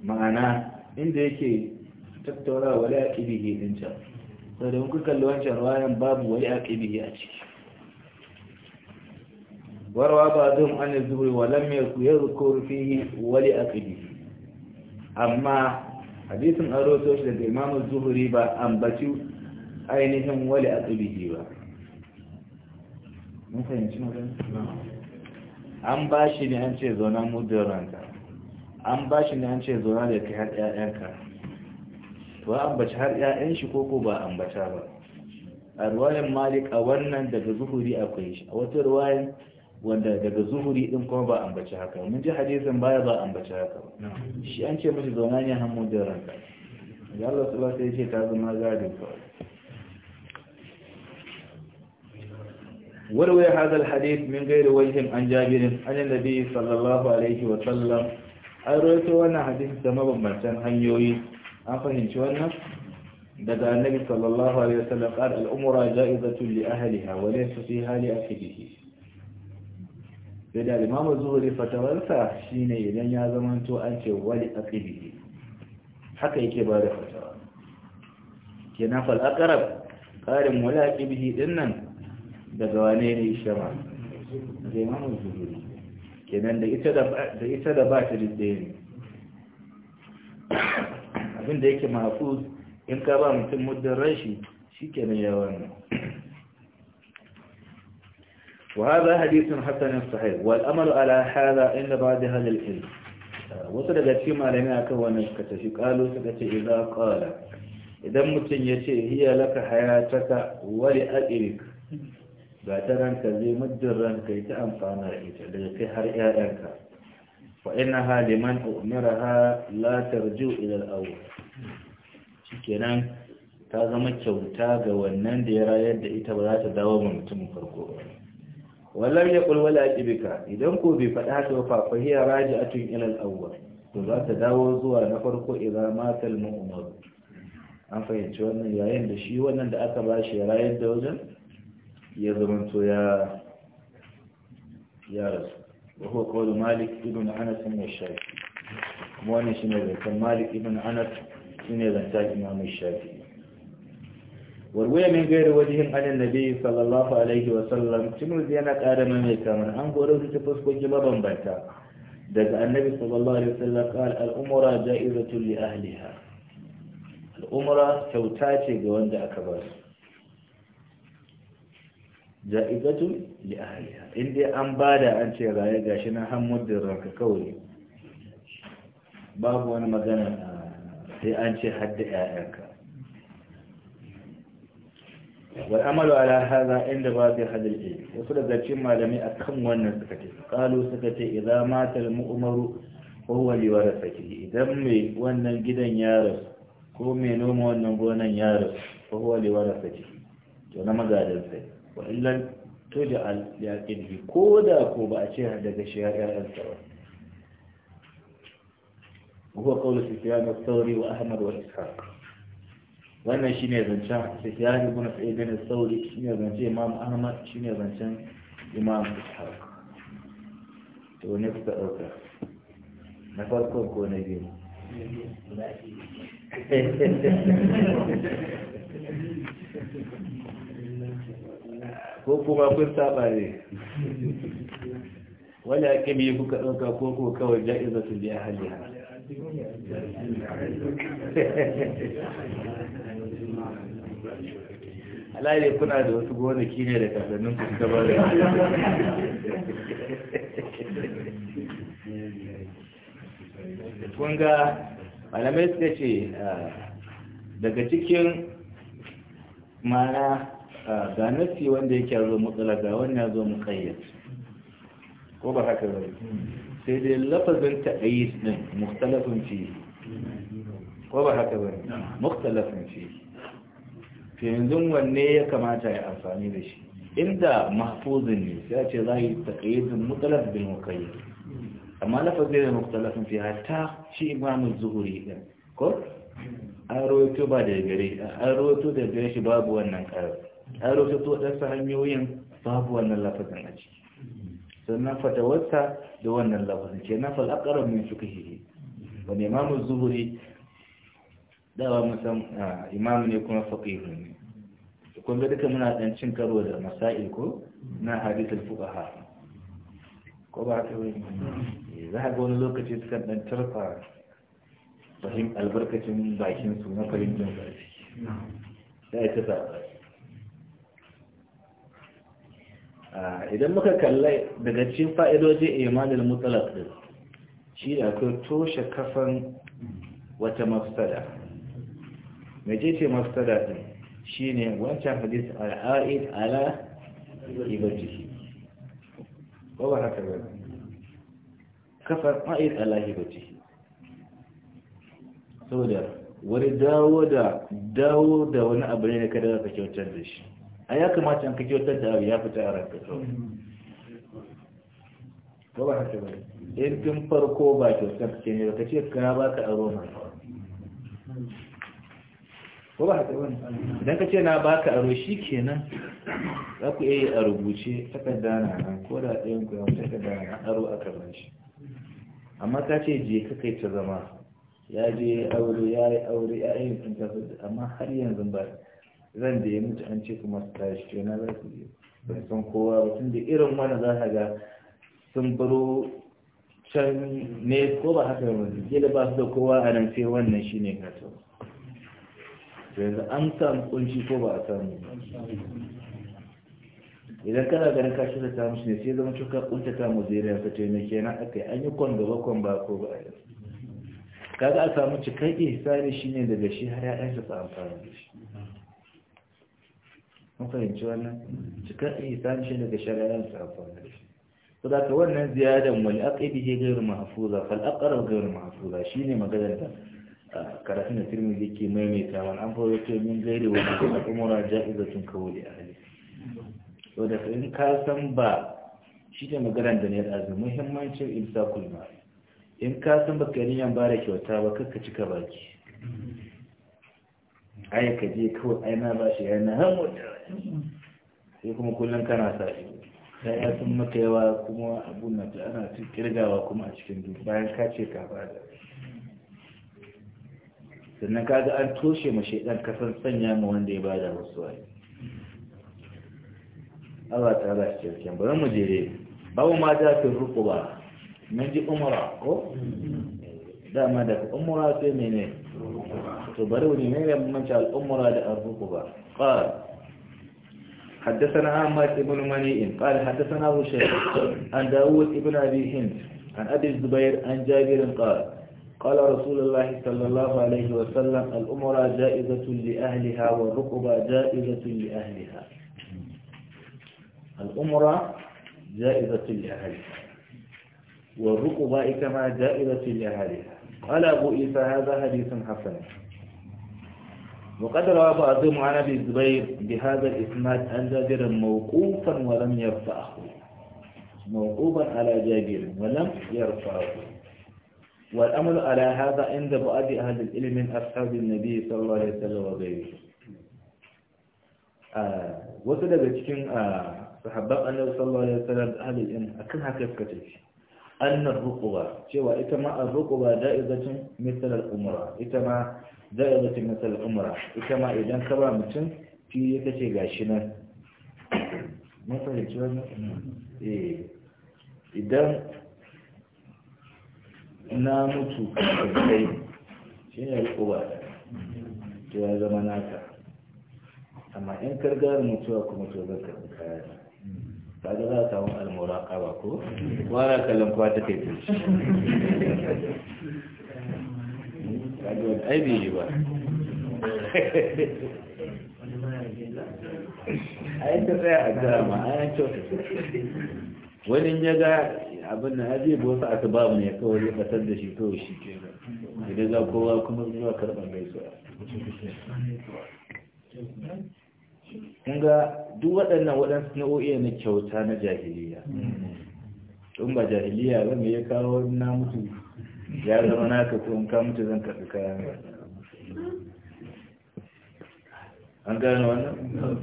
معناه إن ديكي tattaura wale a ƙibihi ɗin can da kuka kalli wancan rayan babu wale a ƙibihi a ciki warwa ba zan an yi zuri walan mai kuyar rufi wale a ƙibihi amma hadisin an roto shi daga imamu zuhuri ba ambaci ainihin wali a tsibihi ba mun fahimci magana an ba shi ne an ce zauna mudin ranka an ba shi ne an ce zauna da kai har 'ya'yanka to bace har 'ya'yan shi ko ko ba ambata ba a ruwayen malik a wannan daga zuhuri akwai shi a wata ruwayen wanda daga zuhuri din kuma ba bace haka mun ji hadisin baya ba bace haka ba shi an ce mashi zauna ne han muddin ranka ya Allah sallallahu alaihi sai ya ce ta zama gado kawai وروي هذا الحديث من غير وجه عن جابر عن النبي صلى الله عليه وسلم أروي سوانا حديث سما بمتان هنيوي أفهم أنا دقى النبي صلى الله عليه وسلم قال الأمور جائزة لأهلها وليس فيها لأخذه فإذا الإمام الزهري فتولت شيني لن يعزمان تو أنت ولأخذه حتى يكبر فتولت كنا فالأقرب قال ملاك به إنن daga wane ne shara daga imamu zuhuri kenan da ita da ba ta diddaye ne abinda yake mahafuz in ka ba mutum muddin rashi shi kenan ya wannan وهذا حديث حسن صحيح والأمر على هذا عند بعض هذا العلم وصدقت فيما لنا كوانا كتشك قالوا سكت إذا قال إذا متن يتي هي لك حياتك ولأئلك ga ta ranka zai muddin ranka ita amfana ita daga kai har 'ya'yanka fa ina ha liman umira ha la tarju ila al-awwal shikenan ta zama kyauta ga wannan da ya rayar da ita ba za ta dawo ga mutum farko ba wallar ya kulwa laƙibika idan ko bai faɗa haka ba fafahiyar raji a tun ilal awwa to za ta dawo zuwa na farko idan matal mu'umaru an fahimci wannan yayin da shi wannan da aka bashi shi rayar da wajen ya zamanto ya ya rasu wa huwa qawlu malik ibn anas min shafi kuma wannan shine zancen malik ibn anas shine zancen imam shafi warwaya min gairi wajihin anin nabi sallallahu alaihi wa sallam tinuzi yana ƙara maimaita mana an gore su ta fuskoki mabambanta daga annabi sallallahu alaihi wa sallam qala al-umra ja'izatu li ahliha al-umra kyauta ce ga wanda aka ba su ja'izatun li ahliha in dai an bada an ce raye gashi na hammudin ranka kawai babu wani magana ah, sai an ce hadda ƴaƴanka wal amalu ala hadha inda ba fi hadal ilm wasu daga cikin malami akan wannan suka ce qalu suka ce idza mata al mu'maru wa huwa li warathatihi idan mai wannan gidan ya rasu ko mai noma wannan gonan ya rasu wa huwa li warathatihi to na magadan sai wa illan tuj'al li aqidihi ko da ko ba a ce daga shari'ar al-sawa وهو قول سفيان الثوري وأحمد وإسحاق وأنا شيني زنشان سفيان بن سعيد الثوري شيني زنشان إمام أحمد شيني زنشان إمام إسحاق to ne kuka ɗauka na farko ko na biyu ko kuma kun saba ne wani ake biyu kuka ɗauka ko kuma kawai ja'iza su biya hali halaye kuna da wasu gonaki ne da kasannin ku gaba da kunga ga malamai suka ce ah, daga cikin mana ga nafi wanda yake zo matsala ga wannan ya zo muƙayyad ko ba haka ba sai dai lafazin ta'ayyid din mukhtalafun fi ko ba haka ba mukhtalafun fi fi yanzu wanne ya kamata ya amfani da shi inda mahfuzin ne sai ce za yi taƙayyadin mutalaf bin muƙayyad amma lafazin da mukhtalafun fi hatta shi imamun zuhuri ɗin ko an rawaito ba da gare an rawaito da gare shi babu wannan ƙarar a rubuta ɗansa hanyoyin babu wannan lafazin a ciki sannan fatawarsa da wannan lafazin ke na fal'akarar min suka hiri wani imamu zuhuri dawa musan imamu ne kuma faƙi ne kun ga duka muna ɗan cin karo da masa'il ko na hadithul fuqaha ko ba ta wani eh, za a ga wani lokaci sukan ɗan tarfa fahim albarkacin bakin su na fahimtar ya da ta zaɓa idan muka kalla daga cikin fa'idojin imanin mutalaq din shi akwai toshe kafan wata mafsada mejece mafsada din ne wancan hadis al'aid ala hibatihi ko ba haka ba kafan a'id ala hibatihi saboda wani dawo da dawo da wani abu ne kada ka kyautar da shi a ya kamata an kake wata da ya fita a ranka ko ba haka ba in tun farko ba kyautar ce ne ka ce ka ba ka aro ma ko ba haka ba idan ka ce na ba ka aro shi kenan za ku iya yi a rubuce takarda na nan ko da ɗayan ku yawon takarda na aro a karban shi amma ka ce je ka kai ta zama ya je aure ya yi aure ya yi amma har yanzu ba Zan da mutu an ce kuma su tashi to na za su je ba san kowa ba tun da irin wani za ka ga sun baro can ne ko ba haka yanzu gida ba su da kowa a nan sai wannan shi ne kato yanzu an samu kunshi ko ba a samu idan kana ganin ka da ta shi ne sai zama cuka kunta ta mu zai rafa ta ke kenan aka yi an yi kwan gaba kwan ba ko ba a yanzu kaga a samu cikakken shi ne daga shi har ya ɗansa su amfani da shi mun fahimci wannan cikin isan shi daga shari'ar sahabban to da ka wannan ziyadan wal aqibihi ghayr mahfuza fal aqrab ghayr mahfuza shine maganar da karatun da tirmidhi mai maimaita man an fara to min gairi wa al-umura ja'izatun kawli ahli to da in ka san ba shi ne maganar da ne da muhimmancin imsakul kulma in ka san baka niyan ba da kyauta ba kakka cika baki ai ka je kawai ai na ba shi yana da sai kuma kullum kana sa ido ya'ya sun maka yawa kuma abun na ta ana kirgawa kuma a cikin duk bayan ka ce ka bada sannan kaga an toshe ma shaidan kasan sanya ma wanda ya bada wasu wani. Allah ta ala shi cikin bari mu jere babu ma da ta ruku ba mun ji umara ko dama da umara sai mene to bari wani ne ya manta al'umura da al ruku ba qala حدثنا عمار بن منيء قال حدثنا ابو شيخ عن داود بن أبي هند عن أبي الزبير عن جابر قال قال رسول الله صلى الله عليه وسلم الامراء جائزة لأهلها والركبة جائزة لأهلها الامراء جائزة لأهلها والركبة كما جائزة لأهلها قال أبو عيسى هذا حديث حسن وقد روى بعضهم عن ابي الزبير بهذا الاسناد عن جابر موقوفا ولم يرفعه موقوفا على جابر ولم يرفعه والامر على هذا عند بعض اهل العلم من اصحاب النبي صلى الله عليه وسلم وغيره wasu daga cikin sahabban annabi sallallahu alaihi wasallam ahlul ilm akan haka suka tafi annar ruquba cewa ita ma ar-ruquba da'izatin misal al-umra ita ma za'izatun nasar umra ita ma idan ka ba mutum fili ta ce gashi nan mun fahimci eh idan na mutu kai shi ne al'uba to ya zama naka amma in karga mutuwa kuma to zan karɓi kaya kaga za a samu almuraqaba ko wara kallon kwata kai kajiwar yi ba ta tsaya a a wani ya ga abin na zai aka ba mu ya kawai ya fatar da shi kawai shi ke idan za kowa kuma zuwa karɓar gaisuwa ga duk waɗannan waɗansu na'o'i na kyauta na jahiliya in ba jahiliya ba ma ya kawo na mutu ya zama na to in ka mutu zan karɓi kayan an gane wannan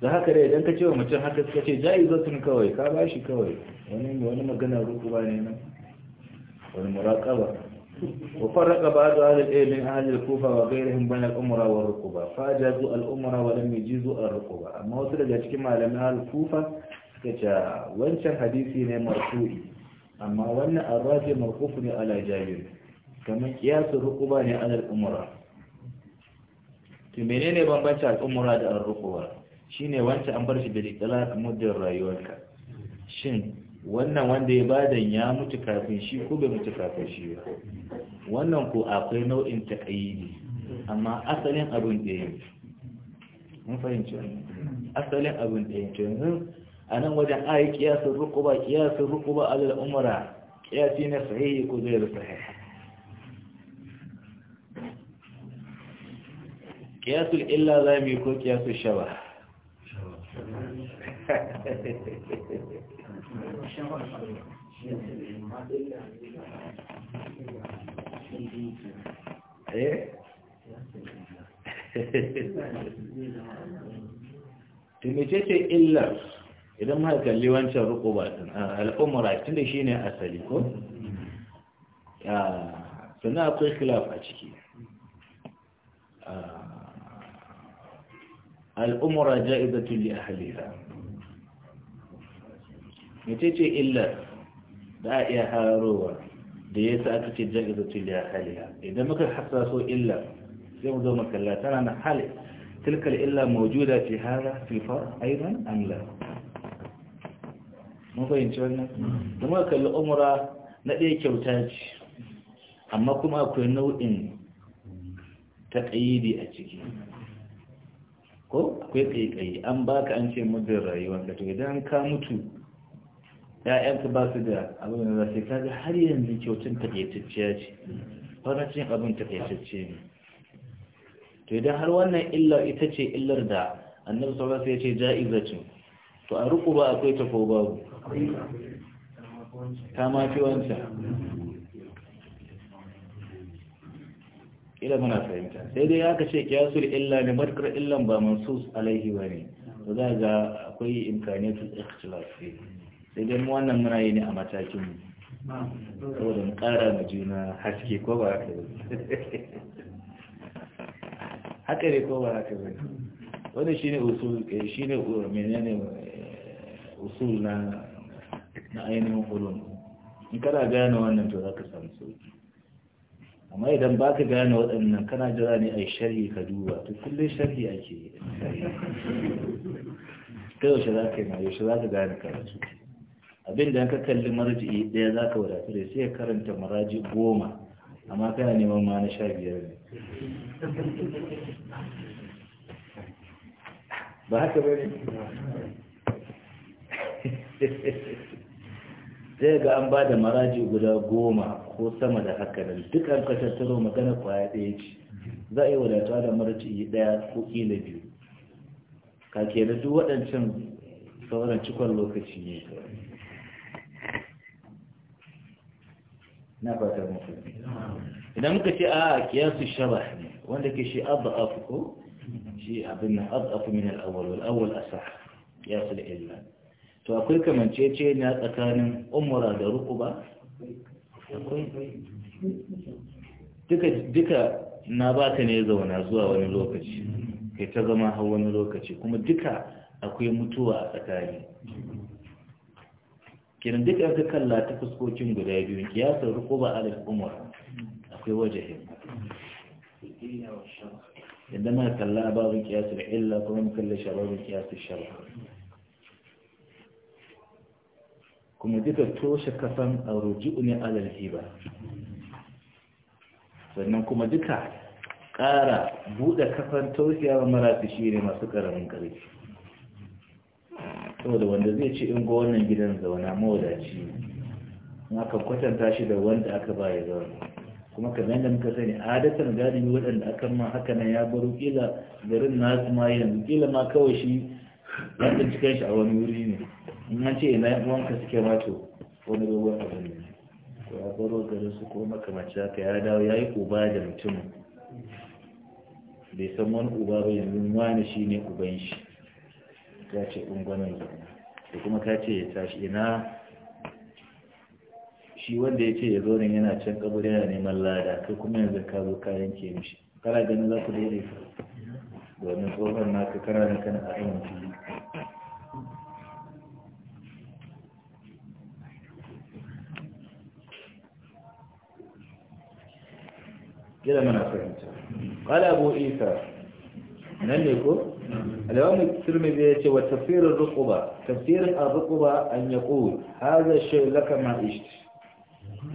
da haka dai idan ka ce wa mutum haka suka ce ja'izatun kawai ka ba shi kawai wani wani magana ruku ba ne nan wani muraqaba wa farraqa ba'd ahli min ahli al-kufa wa ghayrihim bain al-umra wa rukuba fa jazu al-umra wa lam yajizu ar-rukuba amma wasu daga cikin malamin al-kufa suka ce wancan hadisi ne marfu'i amma wannan arrafi mawqufu ne ala jabir kamar kiyasu rukuba ne ala al-umra to menene bambanci al-umra da ar-rukuba shine wanda an bar shi da dikala muddin rayuwarka shin wannan wanda ya bada ya mutu kafin shi ko bai mutu kafin shi ba wannan ko akwai nau'in taqayyidi amma asalin abin da yake mun fahimci asalin abin da yake yanzu a nan wajen ayi kiyasin rukuba kiyasin rukuba alal umara kiyasi na sahihi ko zai da sahihi kiyasul illa za mu yi ko kiyasul shaba eh tumice ce illar idan ma kalli wancan ruku ba al'umura tunda shi ne asali ko sannan akwai khilaf a ciki al'umura ja'izatun li ahliha mace ce illa da a iya harowa da ya sa aka ce ja'izatun li ahliha idan muka hasaso illa sai mu zo makalla tana na hali tilkal illa mawjuda fi hada fi far aidan am la mun fahimci wannan da kalli umra na ɗaya kyauta ce amma kuma akwai nau'in ta taƙayyidi a ciki ko akwai ƙaiƙayi an baka an ce muddin rayuwar ka to idan ka mutu ‘ya'yanka ba su da abin da sai kaga har yanzu kyautun taƙaitacciya ce farashin abin taƙaitacce ne to idan har wannan illar ita ce illar da annabi sallallahu ya ce ja'izacin to a ruku ba akwai ta ko babu ta mafi wanta ila muna fahimta sai dai aka ce kiyasul illa ne matkar illan ba mansus alaihi ba ne to za ga akwai imkaniyatul ikhtilaf sai dai mu wannan muna yi ne a matakin mu saboda mu kara ma juna haske ko ba haka haka ne ko ba haka ba wannan shine usul eh, shine menene usul na ainihin hulun in kana gane wannan to za ka samu sauki amma idan ba ka gane waɗannan kana jira ne a sharhi ka duba to kullum sharhi ake yi ta yaushe za ka yi ma yaushe za ka gane karatu abinda ka kalli marji ɗaya za ka wadatu da sai ya karanta maraji goma amma kana neman ma na sha biyar ne ba haka ba ne zai ga an ba da maraji guda goma ko sama da haka nan duk an kashattaro magana kwaya ɗaya ce za a yi wadatuwa da maraji ɗaya ko ƙila biyu ka ke da duk waɗancan sauran cikon lokaci ne na fatar mafi idan muka ce a kiyasu shaba ne wanda ke shi abu afu ko shi abin nan abu afu min al'awal wal'awal asa kiyasu da illa to akwai kamancece na tsakanin umura da rukuba akwai duka duka na baka ne zauna zuwa wani lokaci kai ta zama har wani lokaci kuma duka akwai mutuwa a tsakani kiran duka aka kalla ta fuskokin guda biyu kiyasar ba alif umar akwai waje wajahin idan muka kalla babu kiyasar illa kuma muka kalla shababin kiyasar shar'a kuma duka toshe kasan a ruji'u ne alal hiba sannan kuma duka ƙara buɗe kafan tausiya marasa marafi shi ne masu ƙaramin ƙarfi saboda wanda zai ci in ga wannan gidan zauna mawadaci na kan kwatanta shi da wanda aka ba zauna kuma ka da muka sani adatan galibi waɗanda aka ma haka nan ya baro kila garin nasu ma yanzu kila ma kawai shi ya tsinci shi a wani wuri ne in an ce na yan uwanka suke mato wani dogon abu ne ko ya baro garin su ko makamacin haka ya dawo ya yi uba da mutumin bai san wani uba ba yanzu wani shi ne uban shi ya ce ungwanin zaune da kuma ka ce ya tashi ina shi wanda ya ce ya zo ne yana can kaburi yana neman lada ka kuma yanzu ka zo ka yanke mishi kana ganin za ku daidaita domin tsohon naka kana ne kana a yawan fili kira mana fahimta qala abu isa nan ne ko alawami imam tirmidhi ya ce wa tafsirin Ruquba tafsirin a ar-ruqba an yaqul hadha shay laka ma ishti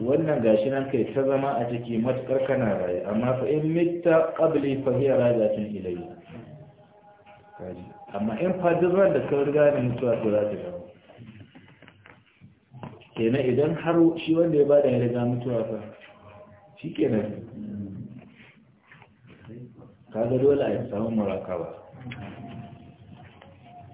wannan gashi nan kai ta zama a ciki matuƙar kana raye amma fa in mitta qabli fa hiya rajatun ilayya kaji amma in fadiran da ka riga ne mutuwa to za ta kenan idan har shi wanda ya bada ya riga mutuwa fa shikenan kaga dole a samu al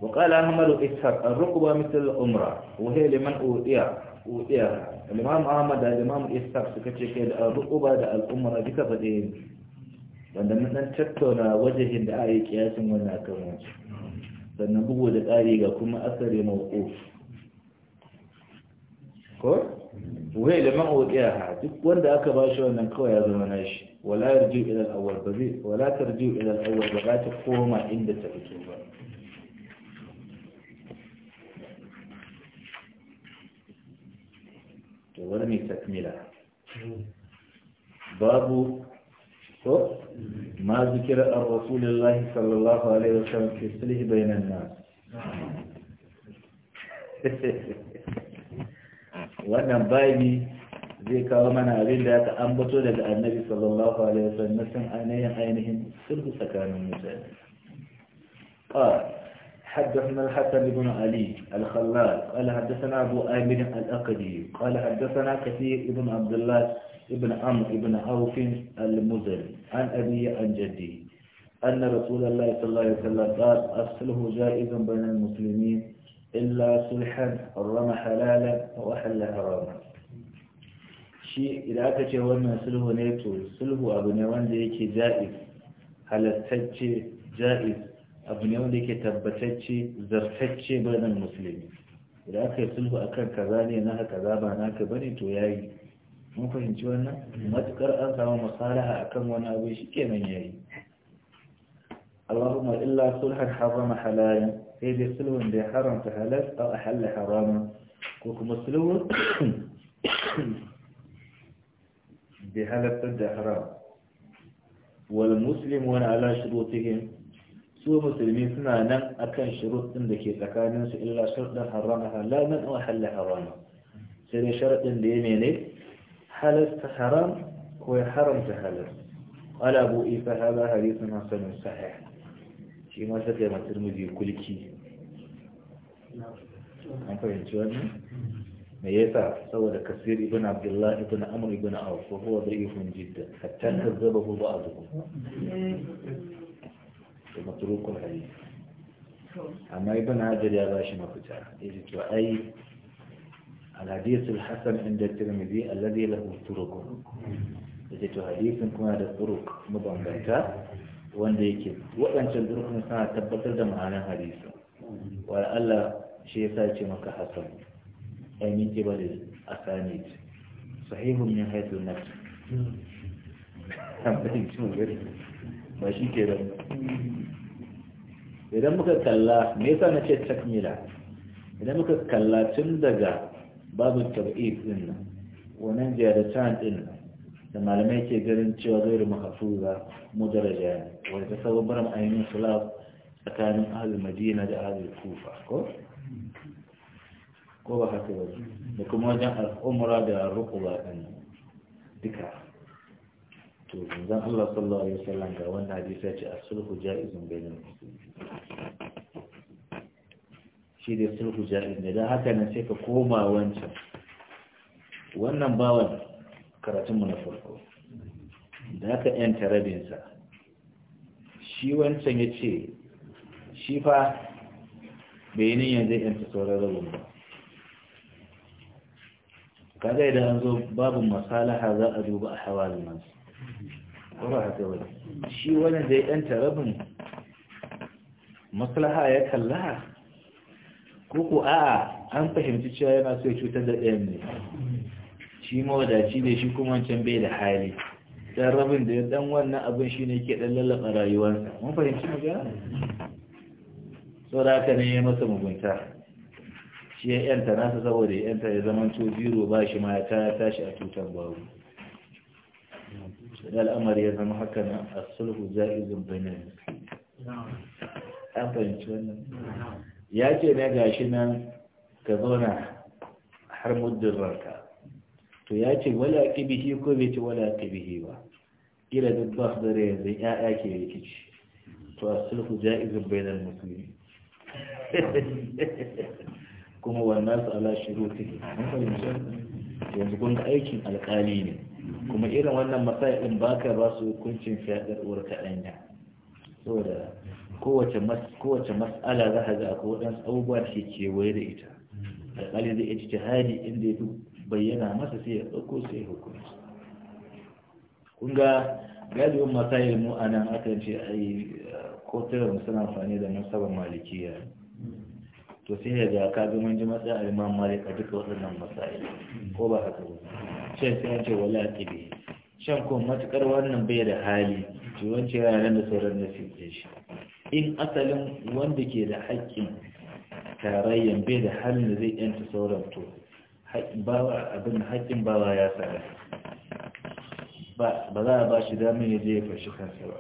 وقال أحمد إسحاق الركبة مثل الأمرة وهي لمن أوتيها أوتيها الإمام أحمد الإمام إسحاق سكتشي كده الركبة ده الأمرة دي كفدين wanda mun dan tattauna wajehin da ayi kiyasin wannan kan wancan sannan bugu da tsari ga kuma asari mawquf ko wai da man udiya duk wanda aka bashi wannan kawai ya zama nashi ولا يرجو إلى الأول بذيء ولا ترجو إلى الأول بغاية قوما عند تأتوبة ولم يتكملها باب ما ذكر الرسول الله صلى الله عليه وسلم في الصلح بين الناس (laughs) وانا بايني zai kawo mana abin da aka ambato daga annabi sallallahu alaihi wasallam sun ainihin ainihin sulhu tsakanin mutane قال حدثنا الحسن بن علي الخلال قال حدثنا أبو آمن الأقدي قال حدثنا كثير بن عبد الله بن عمرو بن عوف المزني عن أبي عن جدي أن رسول الله صلى الله عليه وسلم قال الصلح جائز بين المسلمين إلا صلحا حرم حلالا وأحل حراما shi idan aka ce wannan sulhu ne to sulhu abu ne wanda yake ja'iz halattacce ja'iz abu ne wanda yake tabbatacce zartacce bayan musulmi idan aka yi sulhu akan kaza ne na kaza ba naka bane to yayi mun fahimci wannan matukar an samu masalaha akan wani abu shi nan yayi Allahumma illa sulhan harama halalan sai dai sulhun da ya haramta halal a halal harama ko kuma sulhun bai da haram wal muslim wani ala shurutihim su musulmi suna nan akan shurut din da ke tsakaninsu su illa sharɗin harama halalan aw halal harama sai dai sharɗin da ya mene halasta haram ko ya haramta halas ala bu isa hada hadisin hasan sahih shi ma sai da mutum kulki an fahimci wannan me yasa saboda kasir ibn abdullah ibn amr ibn auf wa huwa da'ifun jidda hatta kazzabahu ba'dhu to matrukul hadith amma ibn hajar ya bashi mafita yace to ai al hadith al hasan inda tirmidhi alladhi lahu طرق yace to hadith kuma da turuk mabambanta wanda yake waɗancan turukun suna tabbatar da ma'anar hadith wa alla shi yasa ce maka hasan sani من قبل الأسانيد صحيح من حيث النفس ba shi ke ran idan muka kalla me yasa na ce takmila idan muka kalla tun daga babu tab'id din nan wannan jiyadatan din nan da malamai ke ganin cewa zai rumu hafuza daraja ne wanda ta sababbar ma'ayin sulaf tsakanin ahlul madina da ahlul kufa ko ko ba haka ba da kuma wajen al'umura da rukuba ɗin duka to zan Allah sallallahu alaihi wasallam ga wanda hadisi ya ce as-sulhu ja'izun bainal muslimin shi da sulhu ja'iz ne dan haka nan sai ka koma wancan wannan bawan karatunmu na farko da aka yanta rabinsa shi wancan ya ce shi fa bai yi yanzu yanta tsoron rabin ba kaga idan an zo babu masalaha za a duba a hawalin nasu kuma haka wani shi wani da ya ɗan tarabin maslaha ya kalla ko ko a'a an fahimci cewa yana so ya cutar da ɗayan ne shi mawadaci ne shi kuma wancan bai da hali dan rabin da dan wannan abin shine yake dan lallaba rayuwarsa mun fahimci magana saboda haka ne ya masa mugunta shi ya yanta nasa saboda ya yanta ya zama to biro ba shi ma ya tashi a tutar babu da al'amari ya zama haka na a sulhu za'izin bayanin an fahimci wannan ya ce na gashi nan ka zauna har muddin ranka to ya ce wala kibihi ko bai ce wala kibihi ba kira duk ba su dare yanzu ya'ya ke rikici to a sulhu za'izin bayanin musulmi (laughs) kuma wannan su ala shiru take mun fahimci yanzu kun aikin alkali ne kuma irin wannan matsayin ba ka ba su hukuncin fiyaɗar uwar kaɗanya saboda kowace mas'ala za ka ga akwai waɗansu abubuwa da ke kewaye da ita alƙali zai iya jihadi inda ya fi bayyana masa sai ya ɗauko sai ya hukunci kun ga galibin matsayin mu a nan aka ce ai kotunan suna amfani da nasabar malikiya to sai ya ga ka ga mun ji matsa al-Imam Malik a duka waɗannan masail ko ba haka ba shan sai ce wala tibi shan ko matukar wannan bai da hali to wance yana nan da sauran da nasibi shi in asalin wanda ke da haƙƙin tarayyan bai da halin da zai yanta sauran to bawa abin haƙƙin bawa ya sa ba za a ba shi damar ya je ya fashi kansa ba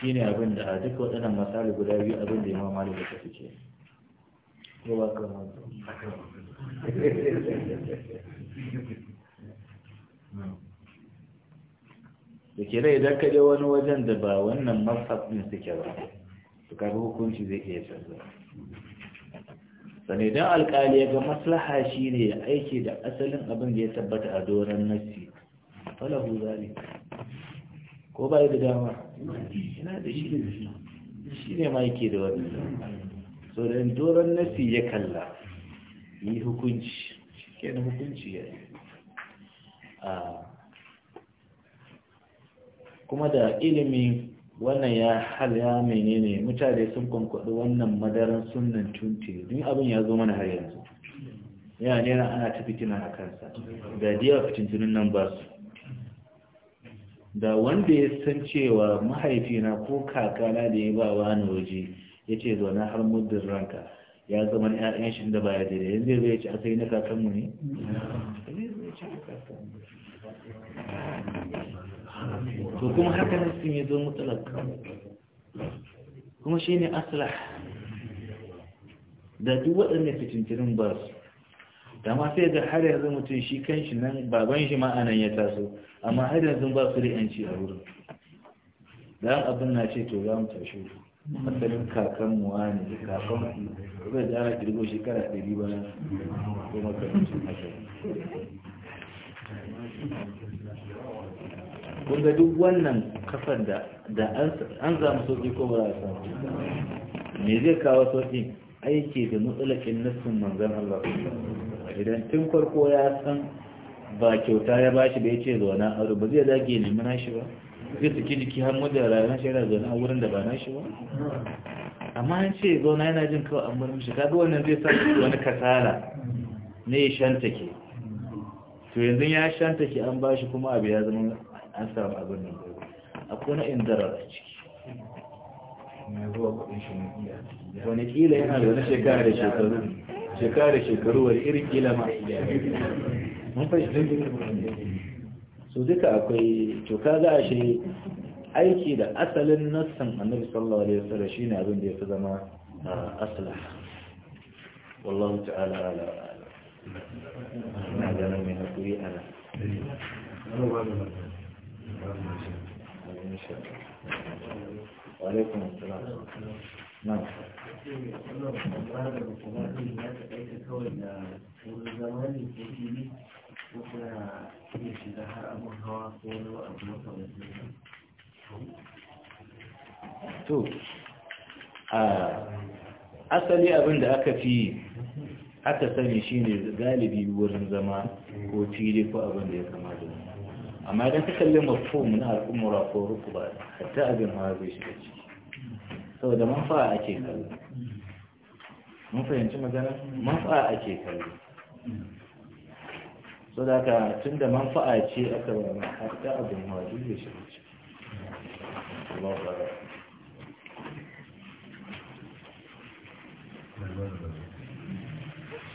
Shi ne abin da duk waɗannan misali guda biyu abin da ya tafi ke ko ba ka da ke rai idan kaje wani wajen da ba wannan mafafin suke ba to ka hukunci zai iya canza sani don alkali ga maslaha ne ya aiki da asalin abin da ya tabbata a doron nassi falahu zari ko ba da dama yana da shi shi ne ma yake da wani so da doron nasi ya kalla yi hukunci shi hukunci ya yi kuma da ilimin wannan ya mene menene mutane sun kwankwaɗi wannan madaran sunan tunti duk abin ya zo mana har yanzu yana nera ana ta fitina a kansa da diya fitintunin nan ba su da wanda ya san cewa mahaifina ko kakana da ya ba wani waje ya ce zaune har muddin ranka ya zama na 'ya'yan shi da baya daidai yanzu zai ci asali na kakanmu ne? to kuma haka na sun yi zo mutalak kuma shi ne asila da duk waɗanda fitintirin ba su Dama sai ga har yanzu mutum shi kan shi nan baban shi ma'anan ya taso amma har yanzu ba su da yanci a wurin dan abin na ce to za mu tashi asalin kakan mu ne kakan ku zai da kirgo shekara ɗari ba ko makamancin haka kun ga duk wannan kafar da da an zama sauki ko ba a samu me zai kawo sauki aiki da mutsalakin nassin manzan Allah idan tun farko ya san ba kyauta ya bashi ya ce zauna a ba zai dage nemi nashi ba zai saki jiki har muda na shi yana zaune a wurin da ba nashi ba amma an ce zauna yana jin kawai an bar mishi kaga wannan zai sa wani kasala ne ya shantake to yanzu ya shantake an bashi kuma abu ya zama an samu abin nan akwai na indarar a ciki wani kila yana da wani shekara da shekaru shekara da shekaru wani irin kila ma su duka akwai to ka za shi aiki da asalin nassan annabi sallallahu alaihi wasallam shine abin da yafi zama aslah wallahu ta'ala ala ala na ga nan mai hakuri ana wa alaikum assalam ko to asali abin da aka fi aka sani shine galibi wurin zama ko cire ko abin da ya kama da amma idan ka kalli mafhum na al'umura ko rukuba hatta abin hawa zai shiga ciki saboda manfa'a ake kallo mun fahimci magana manfa'a ake kallo 说那个真的蛮不爱听，要不然嘛，大家的话就就行了。啊，老哥，老哥，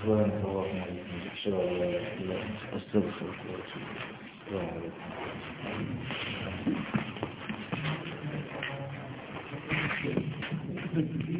说人说话嘛，你不知道我，我是不是？